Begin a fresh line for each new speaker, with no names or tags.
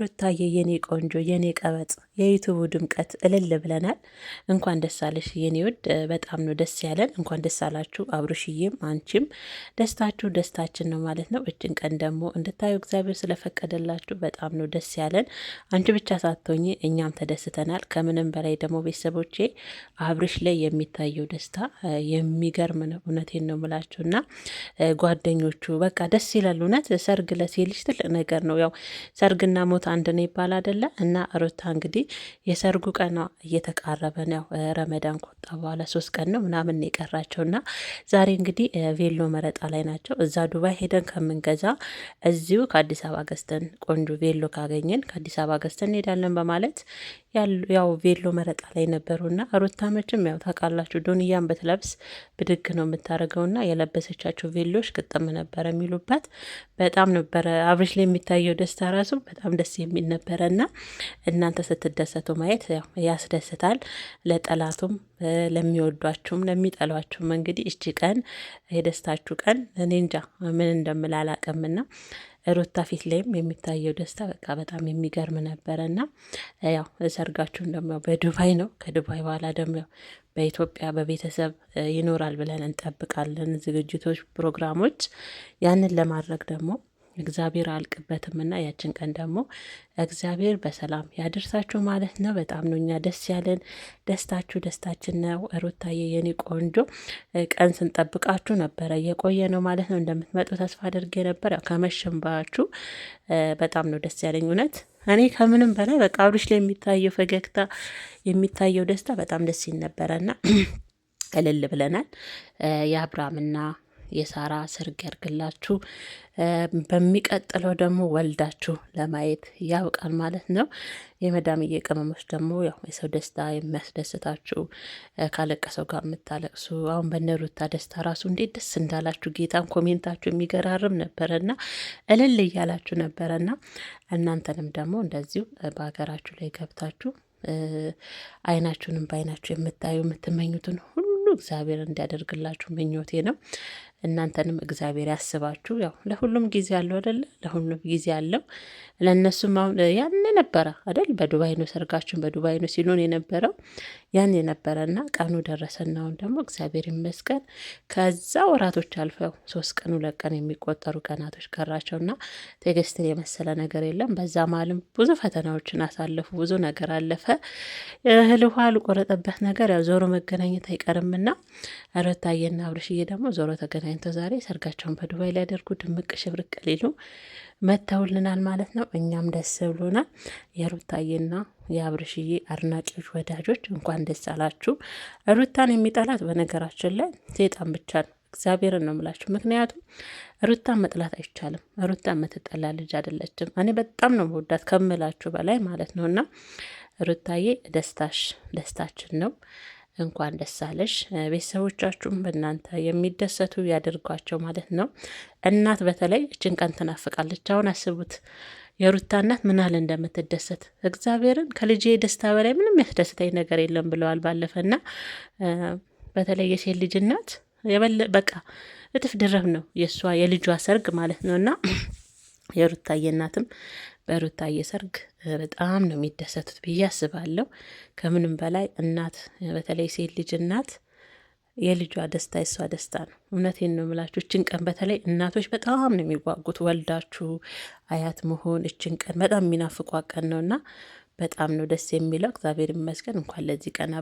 ሩታዬ የኔ ቆንጆ የኔ ቀበጥ የዩቱቡ ድምቀት እልል ብለናል። እንኳን ደስ አለሽ የኔ ውድ፣ በጣም ነው ደስ ያለን። እንኳን ደስ አላችሁ አብርሽዬም አንቺም ደስታችሁ ደስታችን ነው ማለት ነው። እጅን ቀን ደግሞ እንድታዩ እግዚአብሔር ስለፈቀደላችሁ በጣም ነው ደስ ያለን። አንቺ ብቻ ሳትሆኚ እኛም ተደስተናል። ከምንም በላይ ደግሞ ቤተሰቦቼ አብርሽ ላይ የሚታየው ደስታ የሚገርም ነው። እውነቴን ነው ምላችሁ እና ጓደኞቹ በቃ ደስ ይላል። እውነት ሰርግ ለሴት ልጅ ትልቅ ነገር ነው። ያው ሰርግና ሞት አንድ ነው ይባል አደለ እና ሩታ እንግዲህ የሰርጉ ቀና እየተቃረበ ነው። ረመዳን ከመጣ በኋላ ሶስት ቀን ነው ምናምን የቀራቸው እና ዛሬ እንግዲህ ቬሎ መረጣ ላይ ናቸው። እዛ ዱባይ ሄደን ከምንገዛ እዚሁ ከአዲስ አበባ ገዝተን ቆንጆ ቬሎ ካገኘን ከአዲስ አበባ ገዝተን እንሄዳለን በማለት ያው ቬሎ መረጣ ላይ ነበሩና ሩታ መችም ያው ታውቃላችሁ ዶንያን ብትለብስ ብድግ ነው የምታደርገውና የለበሰቻቸው ቬሎች ግጥም ነበረ የሚሉባት በጣም ነበረ። አብሬሽ ላይ የሚታየው ደስታ ራሱ በጣም ደስ የሚል ነበረና እናንተ ስትደሰቱ ማየት ያስደስታል ለጠላቱም ለሚወዷችሁም ለሚጠሏችሁም እንግዲህ እቺ ቀን የደስታችሁ ቀን እኔ እንጃ ምን እንደምላላቅምና ሩታ ፊት ላይም የሚታየው ደስታ በቃ በጣም የሚገርም ነበረ እና ያው ሰርጋችሁም ደግሞ ያው በዱባይ ነው። ከዱባይ በኋላ ደግሞ ያው በኢትዮጵያ በቤተሰብ ይኖራል ብለን እንጠብቃለን ዝግጅቶች፣ ፕሮግራሞች ያንን ለማድረግ ደግሞ እግዚአብሔር አልቅበትም እና ያችን ቀን ደግሞ እግዚአብሔር በሰላም ያደርሳችሁ ማለት ነው። በጣም ነው እኛ ደስ ያለን። ደስታችሁ ደስታችን ነው። ሩታዬ የኔ ቆንጆ ቀን ስንጠብቃችሁ ነበረ የቆየ ነው ማለት ነው። እንደምትመጡ ተስፋ አድርጌ ነበር። ያው ከመሸንባችሁ በጣም ነው ደስ ያለኝ እውነት እኔ ከምንም በላይ በቃ አብርሽ ላይ የሚታየው ፈገግታ የሚታየው ደስታ በጣም ደስ ይል ነበረና እልል ብለናል። የአብርሃምና የሳራ ሰርግ ያድርግላችሁ። በሚቀጥለው ደግሞ ወልዳችሁ ለማየት ያብቃል ማለት ነው። የመዳምዬ ቅመሞች ደግሞ ያው የሰው ደስታ የሚያስደስታችሁ ካለቀሰው ጋር የምታለቅሱ አሁን በነሩታ ደስታ ራሱ እንዴት ደስ እንዳላችሁ ጌታን ኮሜንታችሁ የሚገራርም ነበረና እልል እያላችሁ ነበረና እናንተንም ደግሞ እንደዚሁ በሀገራችሁ ላይ ገብታችሁ አይናችሁንም በአይናችሁ የምታዩ የምትመኙትን ሁሉ እግዚአብሔር እንዲያደርግላችሁ ምኞቴ ነው። እናንተንም እግዚአብሔር ያስባችሁ። ያው ለሁሉም ጊዜ አለው አደለ? ለሁሉም ጊዜ አለው። ለእነሱም አሁን ያን ነበረ አደል? በዱባይ ነው ሰርጋችሁን በዱባይ ነው ሲሉን የነበረው ያን የነበረ የነበረና ቀኑ ደረሰና አሁን ደግሞ እግዚአብሔር ይመስገን ከዛ ወራቶች አልፈው ሶስት ቀን ሁለት ቀን የሚቆጠሩ ቀናቶች ቀራቸው ቀራቸውና ትዕግስትን የመሰለ ነገር የለም። በዛ ማልም ብዙ ፈተናዎችን አሳለፉ። ብዙ ነገር አለፈ። እህል ውሃ ያልቆረጠበት ነገር ያው ዞሮ መገናኘት አይቀርምና ሩታዬና አብርሽዬ ደግሞ ዞሮ ተገናኝ ተገናኝተው ዛሬ ሰርጋቸውን በዱባይ ሊያደርጉ ድምቅ ሽብርቅ ሊሉ መተውልናል ማለት ነው። እኛም ደስ ብሎናል። የሩታዬና የአብርሽዬ አድናቂዎች፣ ወዳጆች እንኳን ደስ አላችሁ። ሩታን የሚጠላት በነገራችን ላይ ሴጣን ብቻ ነው። እግዚአብሔርን ነው ምላችሁ። ምክንያቱም ሩታን መጥላት አይቻልም። ሩታን የምትጠላ ልጅ አይደለችም። እኔ በጣም ነው መወዳት ከምላችሁ በላይ ማለት ነው። እና ሩታዬ ደስታሽ ደስታችን ነው። እንኳን ደስ አለሽ። ቤተሰቦቻችሁም በእናንተ የሚደሰቱ ያደርጓቸው ማለት ነው። እናት በተለይ እችን ቀን ትናፍቃለች። አሁን አስቡት የሩታ እናት ምን አለ እንደምትደሰት እግዚአብሔርን ከልጄ ደስታ በላይ ምንም ያስደስተኝ ነገር የለም ብለዋል ባለፈና በተለይ የሴት ልጅ እናት በቃ እጥፍ ድረብ ነው የእሷ የልጇ ሰርግ ማለት ነው እና የሩታዬ እናትም በሩታዬ ሰርግ በጣም ነው የሚደሰቱት ብዬ አስባለሁ። ከምንም በላይ እናት በተለይ ሴት ልጅ እናት የልጇ ደስታ የሷ ደስታ ነው። እውነቴን ነው የምላችሁ። እችን ቀን በተለይ እናቶች በጣም ነው የሚጓጉት። ወልዳችሁ አያት መሆን እችን ቀን በጣም የሚናፍቋ ቀን ነው እና በጣም ነው ደስ የሚለው። እግዚአብሔር ይመስገን እንኳን ለዚህ ቀን